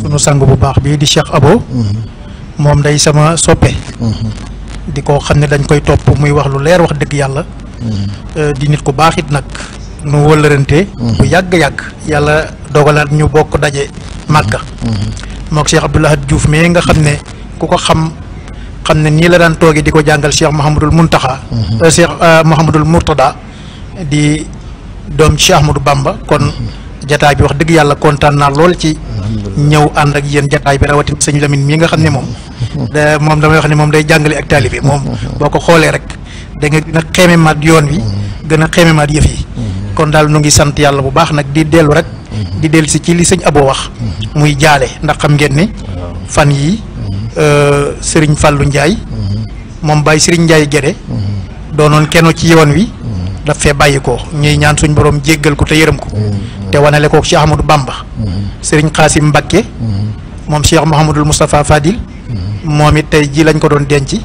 sunu sang bu baax bii di Cheikh Abo moom day sama soppe di ko xam ne dañ koy topp muy wax lu leer wax dëgg yàlla euh, di nit ku baaxit nag nu wëllërante bu yàgg-yàgg yàlla dogalaat ñu bokk daje màgga mook Cheikh Abdoulaye juuf mais nga xam ne ku ko xam xam ne nii la daan toogee di ko jàngal Cheikh Mouhamadul Mountakha euh, Cheikh euh, Mouhamadul Mourtada di doom Cheikh Ahmadou bàmba kon jataay bi wax dëgg yàlla kontaan naa lool ci ñëw ànd ak yéen jataay bi rawatina sëñ Lamine mii nga xam ne moom moom damay wax ne moom day jàngale ak taalibe moom boo ko xoolee rek da nga gën a xeeme maat yoon wi mm-hmm. gën a xeeme maat yëf yi mm-hmm. kon daal nu ngi sant yàlla bu baax nag di dellu rek mm-hmm. di dellu si ci li sëñ aboo wax muy jaale ndax xam ngeen ni fan yi euh, sëriñ Fallou njaay moom Baye Sëriñ Ndiaye doo noon kenn ci yoon wi daf fee bàyyi ko ñuy ñaan suñ borom jéggal ko te yërëm ko te wanale kook Cheikh Ahmadou Bamba mm-hmm. Serigne mm-hmm. moom Cheikh Mouhamadul Moustapha Fadil mm-hmm. moom it tey ji lañ ko doon denc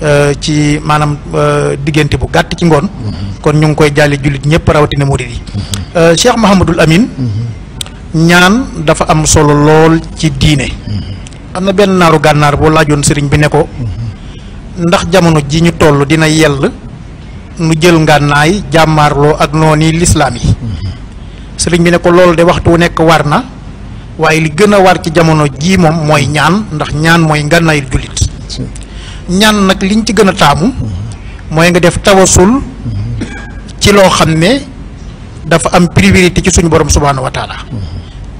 euh, ci maanaam euh, diggante bu gàtt ci ngoon kon ñu ngi koy jàlli jullit ñëpp rawatina murid yi euh, Cheikh Mouhamadul Amin ñaan dafa am solo lool ci diine am na benn naaru gànnaar boo laajoon sëriñ bi ne ko ndax jamono ji ñu toll dina yell nu jël ngànnaay jàmmaarloo ak noonu lislaam yi sëriñ bi ne ko loolu de waxtu wu nekk war na waaye li gën a war ci jamono jii moom mooy ñaan ndax ñaan mooy ngànnaayul jullit ñaan nag liñ ci gën a taamu mooy nga def tawasul ci loo xam ne dafa am priorité ci suñu borom subhaanahu wa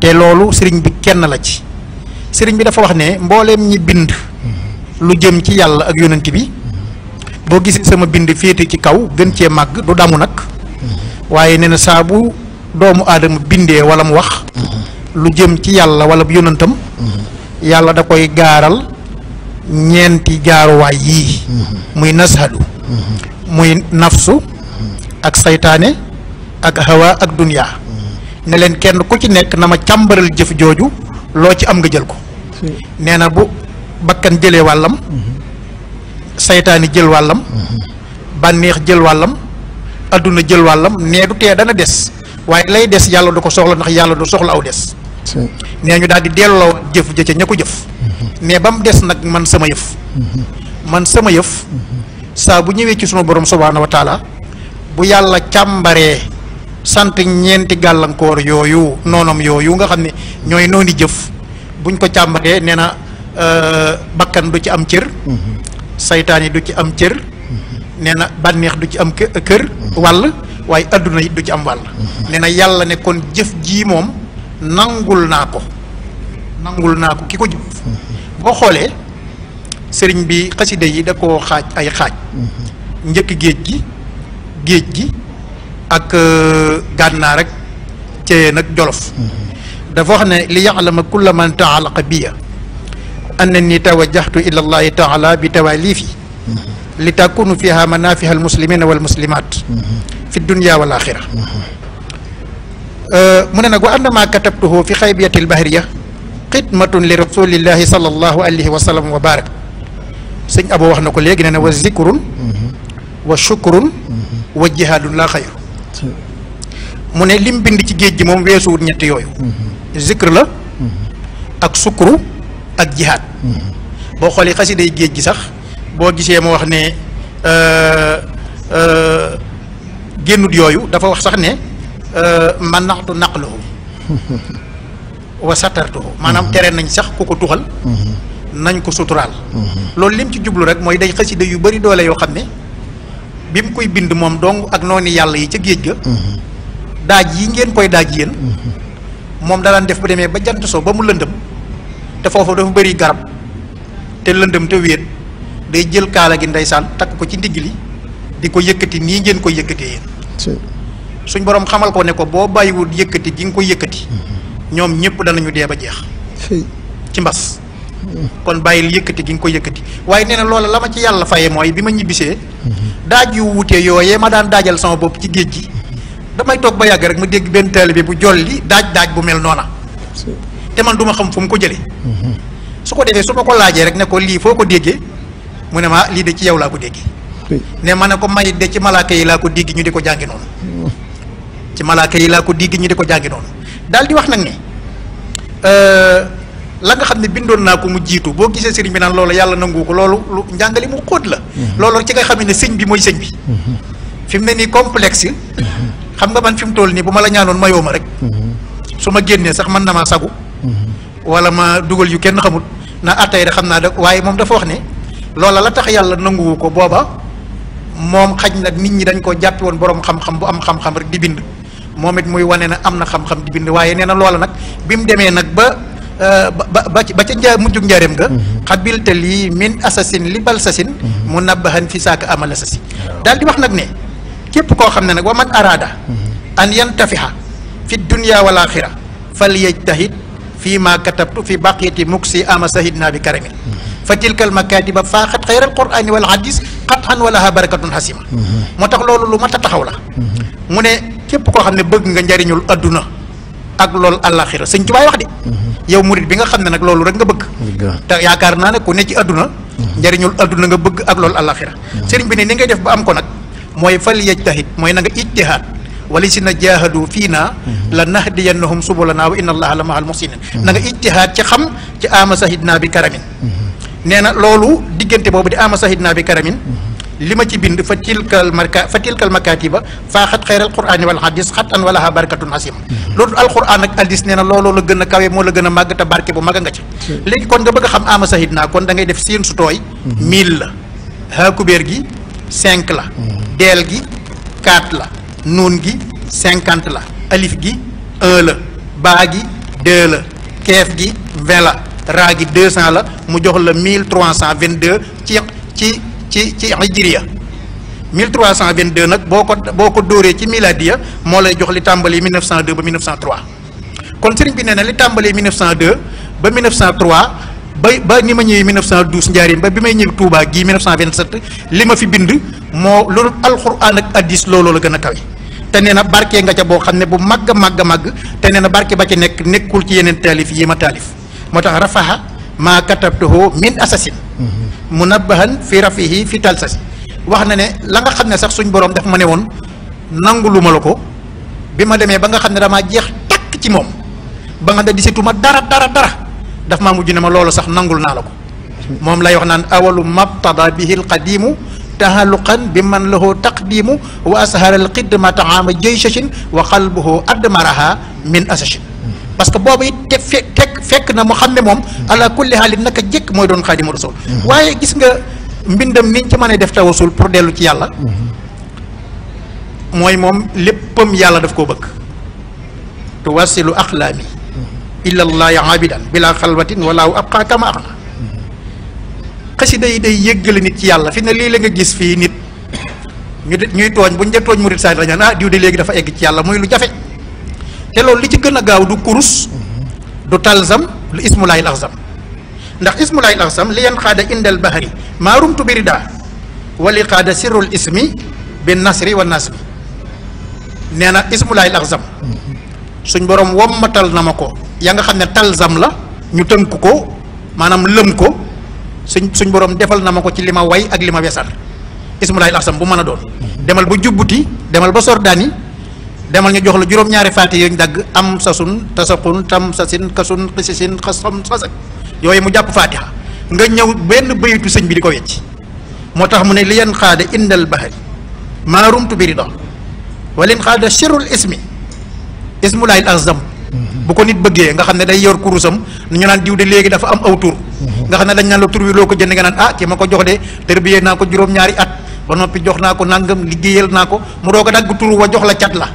te loolu sëriñ bi kenn la ci sëriñ bi dafa wax ne mbooleem ñi bind lu jëm ci yàlla ak yonent bi boo gisee sama bind féete ci kaw gën cee màgg du damu nag waaye nee na doomu aadama bindee wala mu wax lu jëm ci yàlla wala bu yonantam yàlla da koy gaaral ñeenti gaaruwaay yii muy nashadu muy nafsu ak seytaane ak hawa ak dunya ne leen kenn ku ci nekk na ma càmbaral jëf jooju loo ci am nga jël ko nee na bu bakkan jële wàllam seytaane jël wàllam bànneex jël wàllam adduna jël wàllam ne du tee dana des waaye lay des yàlla du ko soxla ndax yàlla du soxla aw des nee ñu daal di delloo jëf ja ña ko jëf mhm. mais ba mu des nag man sama yëf mhm. man sama yëf mhm. saa bu ñëwee ci suma borom subhaanahu wa taala bu yàlla càmbaree sant ñeenti gàllankoor yooyu noonam yooyu nga xam ne ñooy nooni jëf buñ ko càmbaree nee na euh, bakkan du ci am cër saytaan yi du ci am cër nee na bànneex du ci am kë kër wàll waaye àdduna it du ci am wàll mm-hmm. nee na yàlla ne kon jëf jii moom nangul naa ko nangul naa ko ki ko jëf mm-hmm. boo xoolee sëriñ bi xasida yi da koo xaaj ay xaaj mm-hmm. njëkk géej gi géej gi ak euh, gànnaar ak ceyeen nag jolof dafa wax ne li ya'lama kulla man taalaqa biya annani tawajjahtu ila allahi taala bi tawalifi li takunu fiha manafiha almuslimina walmuslimat fi dunya wal axira euh, mu ne nag wa annama katabtuhu fi xaybiyatil bahriya xidmatun li rasulillahi sallallahu alayhi wa sëñ Abo wax na ko léegi ne ne wa zikrun wa shukrun wa jihaadun laa xayru mu ne lim bind ci géej gi moom weesuwut ñett yooyu zikr la ak sukru ak jihaad boo xoolee xasiday géej gi sax boo gisee mu wax ne euh, euh, génnut yooyu dafa wax sax ne naxtu euh, manaxtu naqluhu wa satartuhu maanaam mhm. tere nañ sax ku ko tuxal mhm. nañ ko suturaal mhm. loolu lim ci jublu rek mooy day xasida yu bari doole yoo xam ne bi mu koy bind moom dong ak noonu yàlla yi ca géej ga daaj yi ngeen koy daaj yéen moom dalaan def bu demee ba jant soo ba mu lëndëm te foofu dafa bëri garab te lëndëm te wéet day jël kaala gi ndeysaan takk ko ci ndigg li di ko yëkkati nii ngeen ko yëkkatee yéen suñ borom xamal ko ne ko boo bàyyiwul yëkkati gi nga ko yëkkati mm-hmm. ñoom ñëpp ñu dee ba jeex ci mbas mm-hmm. kon bàyyil yëkkati gi nga ko yëkkati waaye nee na loola la ma ci yàlla faye mooy bi ma ñibbisee mm-hmm. daaj yu wutee yooyee ma daan daajal sama bopp ci géej gi damay toog ba yàgg rek ma dégg benn bi bu jolli daaj daaj bu mel noona te man du ma xam fu mu ko jëlee su ko defee su ma ko laajee rek ne ko lii foo ko déggee mu ne ma lii de ci yow laa ko déggee ne ma ne ko may de ci malaaka yi laa ko digg ñu di ko jàngi noonu ci malaaka yi laa ko digg ñu di ko jàngi noonu daal di wax nag ne euh, la nga xam ne bindoon naa ko mu jiitu boo gisee sëriñ bi naan loolu yàlla nangu ko loolu lu njàngale mu xóot la mm-hmm. loolu ci nga xam ne sëñ bi mooy sëñ bi mm-hmm. fi mu ne nii complexe mm-hmm. xam nga man fi mu toll nii bu ma la ñaanoon mayoo ma rek su ma génnee sax mën na maa sagu wala ma dugal yu kenn xamul na attay rek xam naa da waaye moom dafa wax ne loola la tax yàlla nanguwu ko booba moom xaj nag nit ñi dañ koo jàppewoon boroom xam-xam bu am xam-xam rek di bind moom it muy wane na am na xam-xam di bind waaye nee na loola nag bi mu demee nag ba euh, ba ba ca nja mujjug njaareem nga mm-hmm. xabilte lii min assasine libal bal sasin mu nabbahan fi saaka amal asasi daal di wax nag ne képp koo xam ne nag wa man araada mm-hmm. an yantafiha fi dunia wal axira fal yajtahid fii ma katabtu fi baqiyati si ama sahid naa bi karamin mm-hmm. fa tilkal makatiba faaxat xayral qurani wal qat'an wa laha barakatun xasima mm-hmm. moo tax loolu lu mat a taxaw la mm-hmm. mu ne képp koo xam ne bëgg nga njariñul adduna ak loolu àllaaxira sëñ Tuubaa wax de mm-hmm. yow murit bi nga xam ne nag loolu rek nga bëgg te yaakaar naa ne ku ne ci adduna njariñul adduna nga bëgg ak loolu àllaaxira sëriñ bi ne ni ngay def ba am ko nag mooy fal yajtahid mooy na nga ijtihaad wali si na jaahadu fii naa la nahdiyannahum subulana wa inna allaha la mahal muhsinin na nga ijtihaad ci xam ci ama sahid naa bi nee na loolu diggante boobu di ama sahid naa bi karamin li ma ci bind fa tilkal marka fa tilkal makatiba faa xat xayral qur'aani wal hadis xat an walaha barkatun asim loolu alquran ak hadis nee na looloo la gën a kawe moo la gën a màgg te barke bu mag a nga ci léegi kon nga bëgg a xam ama sahid naa kon da ngay def siin su tooy mhm. mille la hakubeer gi cinq la mhm. deel gi quatre la nuun gi cinquante la alif gi un la baa gi deux la keef gi vingt raa gi deux cent la mu jox la mille trois cent vingt deux ci ci ci ci hijriya mille trois cent vingt deux nag boo ko boo ko dóoree ci miladiya moo lay jox li tàmbali mille neuf cent deux ba mille neuf cent trois kon sëriñ bi nee na li tàmbali mille neuf cent ba mille neuf cent trois ba ba ni ma ñëwee njaariñ ba bi may ñëw Touba gii li ma fi bind moo loolu alxuraan ak addis looloo la gën a kawe te nee na barke nga ca boo xam ne bu màgg a màgg a màgg te nee na barke ba ci nekk nekkul ci yeneen taalif yi ma taalif moo tax rafaha maa katabtuhu min asasin munabbahan fi rafihi fi talsasi wax na ne la nga xam ne sax suñ boroom daf ma ne woon nangu lu ma la ko bi ma demee ba nga xam ne dama jeex takk ci moom ba nga da disituma dara dara dara daf ma mujj ne ma loolu sax nangul naa la ko moom lay wax naan awalu mabtada bihi alqadimu tahaluqan bi man la lahu taqdimu wa ashara alqidma taama jeysashin wa qalbuhu admaraha min asashin parce que boobu it te fe teg fekk na mu xam ne moom ala kulli haalin naka jëkk mooy doon xaadimu rasul mhm. waaye gis nga mbindam niñ ci mën a def tawasul pour dellu ci yàlla mhm. mooy moom léppam yàlla daf koo bëgg tuwasilu axlaami mhm. ilallaahi abidan bila xalwatin walaaw ab xaa kama axna xasida yi day yëggale nit ci yàlla fi ne lii la nga gis fii nit ñu de ñuy tooñ bu ñu dee tooñ murit saa dañaan ah léegi dafa egg ci yàlla muy lu jafe te loolu li ci gën a gaaw du kurus du talzam lu ismulaayil axzam ndax ismulaayil axzam li yan xaada indal bahari maarumtu birida wali xaada sirrul ismi bi nasri wa nasbi nee na ismulaayil axzam suñ borom wommatal na ma ko yaa nga xam ne talzam la ñu tënk ko maanaam lëm ko suñ suñ borom defal na ma ko ci li ma way ak li ma wesar ismulaayil axzam bu mën a doon demal ba jubbuti demal ba sordaani demal ñu jox la juróom-ñaari faati yooyu dagg am sasun tasaqun tam sasin kasun xisisin xasam sasak yooyu mu jàpp faatiha nga ñëw benn bayitu sëñ bi di ko wecc moo tax mu ne li yan xaada indal bahari maarumtu biri dox wala in xaada sirul ismi ismulaayil azam mhm. bu ko nit bëggee nga xam ne day yor kurusam nu ñu naan diw de léegi dafa am aw tur mhm. nga xam ne dañ naan la tur wi loo ko jënd nga naan ah ki ma ko jox de tërbiyee naa ko juróom-ñaari at ba noppi jox naa ko nangam liggéeyal naa ko mu doog a dagg tur wa jox la cat la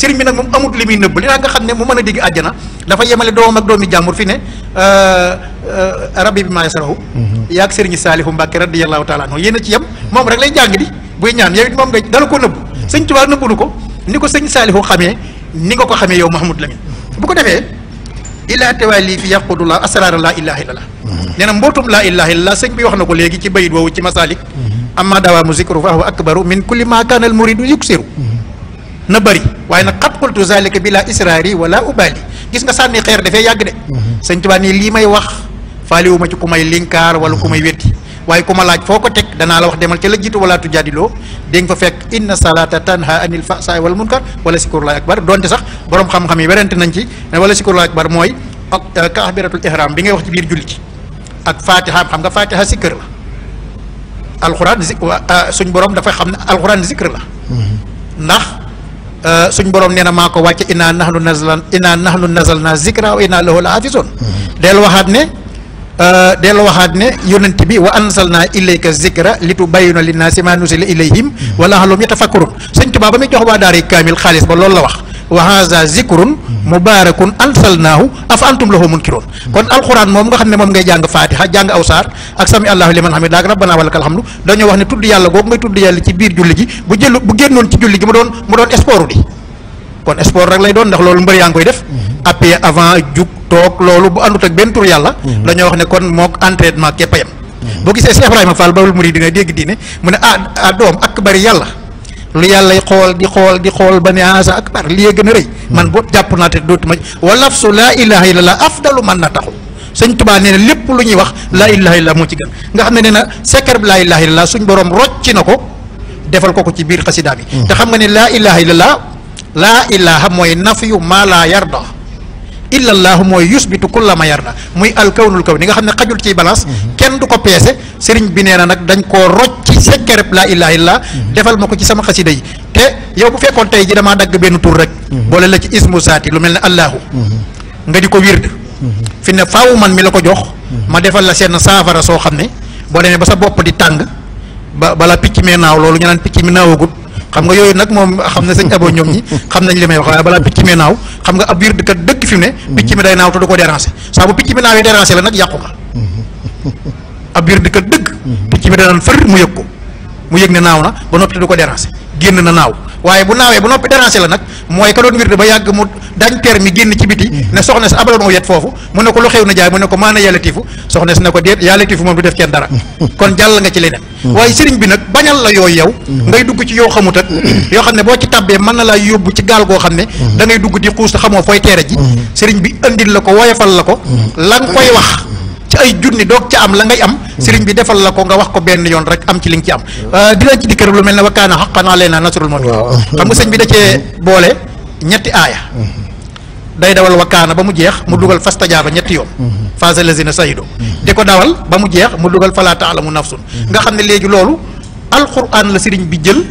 sëriñ bi nag moom amut li muy nëbb li nga xam ne mu mën a digg àjjana dafa yemale doom ak doomi jàmbur fi ne euh, euh, rabbi bi maa yasrahu mhm. yaag sëriñ Saalihu Mbàkke radiyallahu taala anhu yéen a ci yem moom rek lay jàng di buy ñaan yow it moom nga dala koo nëbb sëñ Tuubaa nëbbunu ko ni ko sëñ Saalihu xamee ni nga ko xamee yow Mahamadou Lamine bu ko defee ilaa tawali fi yaqudu la asraara laa ilaha illallah mhm. nee na mbootum laa ilaha illallah sëñ bi wax na ko léegi ci bayit woowu ci masalik mhm. amma dawaamu zikru fa huwa akbaru min kulli ma kaana al muridu na bëri waaye nag xat xultu zalika bi la israari wala ubali gis nga sànni xeer dafay yàgg de mhm. sëñ Tuubaa nii lii may wax faaliwuma ci ku may linkaar wala ku may wetti waaye ku ma laaj foo ko teg danaa la wax demal ci la jiitu wala tujaadiloo dégg nga fa fekk inna salata tanha anil fahsaa'i wal munkar wala sikurulaay akbar donte sax borom xam-xam yi werante nañ ci ne wala sikurulaay akbar mooy ak euh, kaabiratul ihram bi ngay wax ci biir julli ci ak fatiha xam nga fatiha sikkër la alxuraan zik euh, suñ borom dafa xam ne alxuraan zikr la mhm. ndax Euh, suñ borom nee na maa ko wàcce inaa nahnu nazlan inaa nahnu nazalna zikra wa inaa lahu a hafizoon del waxaat ne euh, del waxaat ne yonent bi wa ansalna ilayka zikra li tubayyina linnaasi maa nuzila ilayhim wa la'allahum yatafakkarun sëñ Tuubaa ba muy jox waa daari kaamil xaalis ba loolu la wax wa haza zikrun mubarakun ansalnaahu afa antum lahu munkiroon kon alxuraan moom nga xam ne moom ngay jàng faatiha jàng aw saar ak sami allahu liman hamid laak rabbana walakal hamdu dañoo wax ne tudd yàlla googu ngay tudd yàlla ci biir julli gi bu jëlu bu génnoon ci julli gi mu doon mu doon sport di kon sport rek lay doon ndax loolu mbër yaa ngi koy def appuyé avant jug toog loolu bu àndut ak benn tur yàlla dañoo wax ne kon mook entraînement képp boo gisee Cheikh Ibrahima Fall Baol di nga dégg diine mu ne ah, ah doom ak bari yàlla lu yàllay xool di xool di xool ba ne asa akbar lii gën a rëy hmm. man boo jàpp naa te dootuma walaf su laa ilaha illallah afdalu man na taxu sëñ tubaa nee na lépp lu ñuy wax laa ilaha illallah moo ci gën nga xam ne nee na sekkar bi laa ilaha illallah suñ borom rocci na ko defal ko ko ci biir xasidaa bi hmm. te xam nga ne laa ilaha illallah laa ilaha mooy nafyu maa laa yarda illallahu mooy yusbitu kulla ma yarda muy alkawnul kaw ni nga xam ne xajul ci balance mhm. kenn du ko peese sëriñ bi nee na nag dañ koo rocc ci sekkereb laa ilaha illa mhm. defal ma ko ci sama xasida yi te yow bu fekkoon tey ji damaa dagg benn tur rek mhm. boole la ci ismu saati lu mel ne allahu nga di ko wird fi ne faawu man mi la ko jox ma defal la seen saafara soo xam ne boo demee ba sa bopp di tàng ba bala picc mee naaw loolu ñu naan picc mi naawagut xam nga yooyu nag moom xam ne sëñ abo ñoom ñi xam nañ li may wax waaye balaa picc mi naaw xam nga ab wird kat dëkk fi mu ne picc mi day naaw te du ko déranger saa bu picc mi naawee déranger la nag yàqu nga ab wird kat dëgg picc mi danaan fër mu yëg ko mu yëg ne naaw na ba noppi te du ko déranger génn na naaw waaye bu naawee bu noppi déranger la nag mooy ka doon wirde ba yàgg mu dañ teer mi génn ci biti mm. ne soxna si abaloon ma yet foofu mu ne ko lu xew na jaay mu ne ko maana yàlla tiifu soxna ne ko déet yàlla tiifu moom du def kenn dara mm. kon jàll nga ci leneen mm. waaye sëriñ bi nag bañal la yooyu yow ngay dugg ci yoo xamut ak yoo xam ne boo ci tàbbee mën na laa yóbbu ci gaal goo xam ne da dugg di xuus xamoo fooy teere ji sëriñ bi andil la ko woyofal la ci ay junni doog ca am la ngay am sëriñ bi defal la ko nga wax ko benn yoon rek am ci li nga ci am euh, dinañ ci dikkër lu mel ne wakkaana xaqan alayna nasrul mu'minin xam nga sëñ bi da cee boole ñetti aaya day dawal wakkaana ba mu jeex mu dugal fasta fastajaaba ñetti yoon faasa na sahido di ko dawal ba mu jeex mu dugal falaa taalamu nafsun nga xam ne léegi loolu alquran la sëriñ bi jël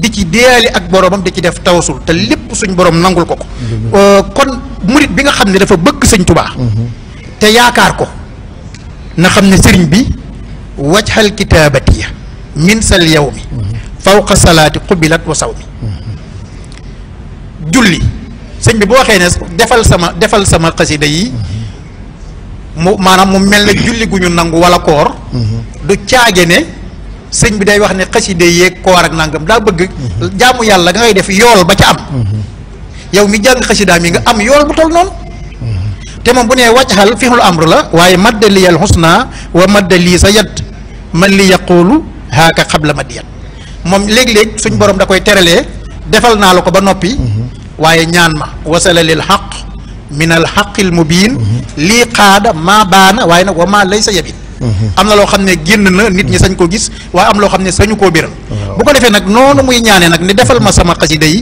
di ci deeyaale ak boromam di ci def tawasul te lépp suñ boroom nangul ko ko mm-hmm. euh, kon murit bi nga xam ne dafa bëgg sëñ tubaa mm-hmm. te yaakaar ko na xam ne sëriñ bi wajxal kitaabatiya min sal yow mi fawqa salaati qubilat wa saw mi julli sëñ bi boo waxee ne defal sama defal sama xasida yi mu maanaam mu mel na julli gu ñu nangu wala koor du caage ne sëñ bi day wax ne xasida yeeg koor ak nangam daa bëgg jaamu yàlla nga ngay def yool ba ca am mm-hmm. yow mi jàng xasida mi nga am yool bu tol noonu te moom bu nee wajhal fixul amr la waaye madda li al xusna wa madda lii sa yad man li yaqulu haaka xabla ma diyat moom léeg-léeg suñ borom da koy teralee defal naa la ko ba noppi mhm. waaye ñaan ma wasala lil xaq min al xaqil mubiin mhm. lii xaada maa baana waaye nag wa maa lay sa yabin mhm. am na loo xam ne génn na nit ñi sañ ko gis waaye am loo xam ne sañu koo biral bu ko defee nag noonu muy ñaanee nag ni defal ma sama xasida yi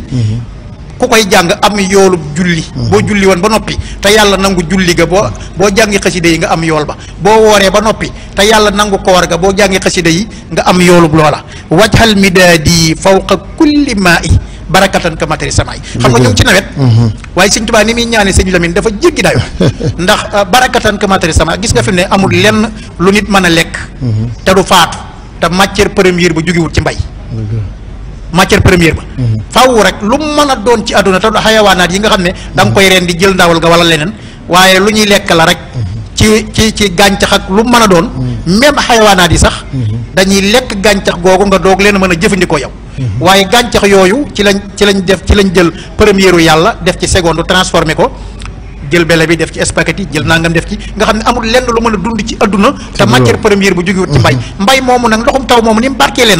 ku koy jàng am yoolub julli hmm. boo julli woon ba noppi te yàlla nangu julli ga boo boo jàngi xasida yi nga am yool ba boo wooree ba noppi te yàlla nangu koor ga boo jàngi xasida yi nga am yoolub loola wajhal midaadi fawqa kulli maa i barakatan ka matari samaay xam nga ñu ci nawet hmm. Hmm. waaye sëñ Tuubaa ni muy ñaane sëñ Lamine dafa jéggi dayo ndax euh, barakatan ka matari samaay gis nga fi mu ne amul lenn lu nit mën a lekk te du faatu te matière première bu jógewul ci mbay matière premier ba mhm. faaw rek lu mën a doon ci àdduna te xayawaanaat yi nga xam ne danga koy reen di jël ndawal ga wala leneen waaye lu ñuy lekk la rek mhm. ci ci ci gàncax ak lu mën a doon mhm. même xayawaanaat yi sax dañuy lekk gàncax googu nga doog leen mën a jëfandikoo yow waaye gàncax yooyu ci lañ ci lañ def ci lañ jël première yàlla def ci seconde transformé ko jël bele bi def ci yi jël nangam def ci nga xam ne amul lenn lu mën a dund ci adduna te matière première bu jógewut ci mbay mbay moomu nag ndoxum taw moomu ni mu barkeelee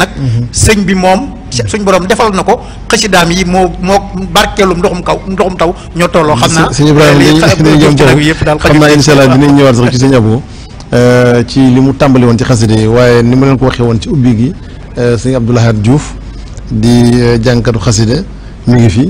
sëñ bi moom suñ borom defal na ko xësidaam yi moo moo barkeelum ndoxum kaw ndoxum taw ñoo tolloo xam naa sëñ Ibrahima dinañ jëm boobu xam naa incha allah dinañ ñëwaat sax ci sëñ Abou euh, ci li mu tàmbali woon ci xasida yi waaye ni ma leen ko waxee woon ci ubbi gi euh, sëñ Abdoulahad juuf di euh, jànkatu xasida mi ngi fi